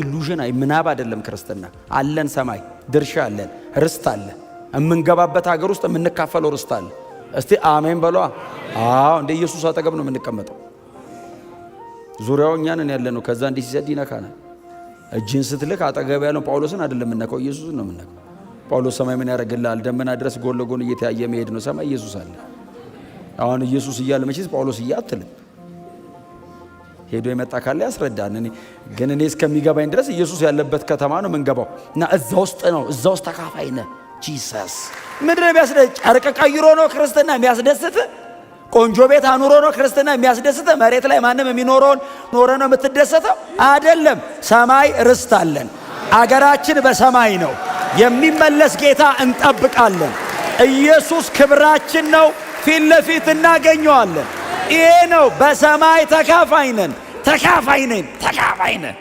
ኢሉዥን አይ ምናብ አይደለም ክርስትና። አለን ሰማይ ድርሻ አለን፣ ርስት አለ። የምንገባበት ሀገር ውስጥ የምንካፈለው ርስት አለ። እስቲ አሜን በሏ። አዎ እንደ ኢየሱስ አጠገብ ነው የምንቀመጠው። ዙሪያው እኛንን ያለ ነው። ከዛ እንዲህ ሲሰድ ይነካናል። እጅን ስትልክ አጠገብ ያለው ጳውሎስን አይደለም የምነካው፣ ኢየሱስን ነው የምነካው። ጳውሎስ ሰማይ ምን ያደርግልሃል? ደመና ድረስ ጎን ለጎን እየተያየ መሄድ ነው። ሰማይ ኢየሱስ አለ። አሁን ኢየሱስ እያለ መቼስ ጳውሎስ እያ አትልም። ሄዶ የመጣ ካለ ያስረዳን። ግን እኔ እስከሚገባኝ ድረስ ኢየሱስ ያለበት ከተማ ነው የምንገባው እና እዛ ውስጥ ነው እዛ ውስጥ ተካፋይ ነ ጂሰስ ምድር ነው ጨርቅ ቀይሮ ነው ክርስትና የሚያስደስት? ቆንጆ ቤት አኑሮ ነው ክርስትና የሚያስደስተ? መሬት ላይ ማንም የሚኖረውን ኖረ ነው የምትደሰተው? አይደለም። ሰማይ ርስት አለን። አገራችን በሰማይ ነው። የሚመለስ ጌታ እንጠብቃለን። ኢየሱስ ክብራችን ነው። ፊት ለፊት እናገኘዋለን። ይሄ ነው በሰማይ ተካፋይ ነን። ተካፋይ ነን። ተካፋይ ነን።